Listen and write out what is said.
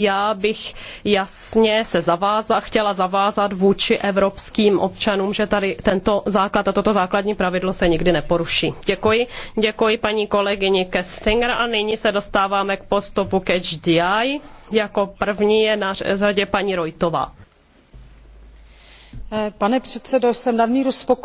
Já bych jasně se zavázala, chtěla zavázat vůči evropským občanům, že tady tento základ a toto základní pravidlo se nikdy neporuší. Děkuji. Děkuji paní kolegyni Kestinger a nyní se dostáváme k postupu k HDI. Jako první je na řadě paní Rojtová. Pane předsedo, jsem nadmíru spokojená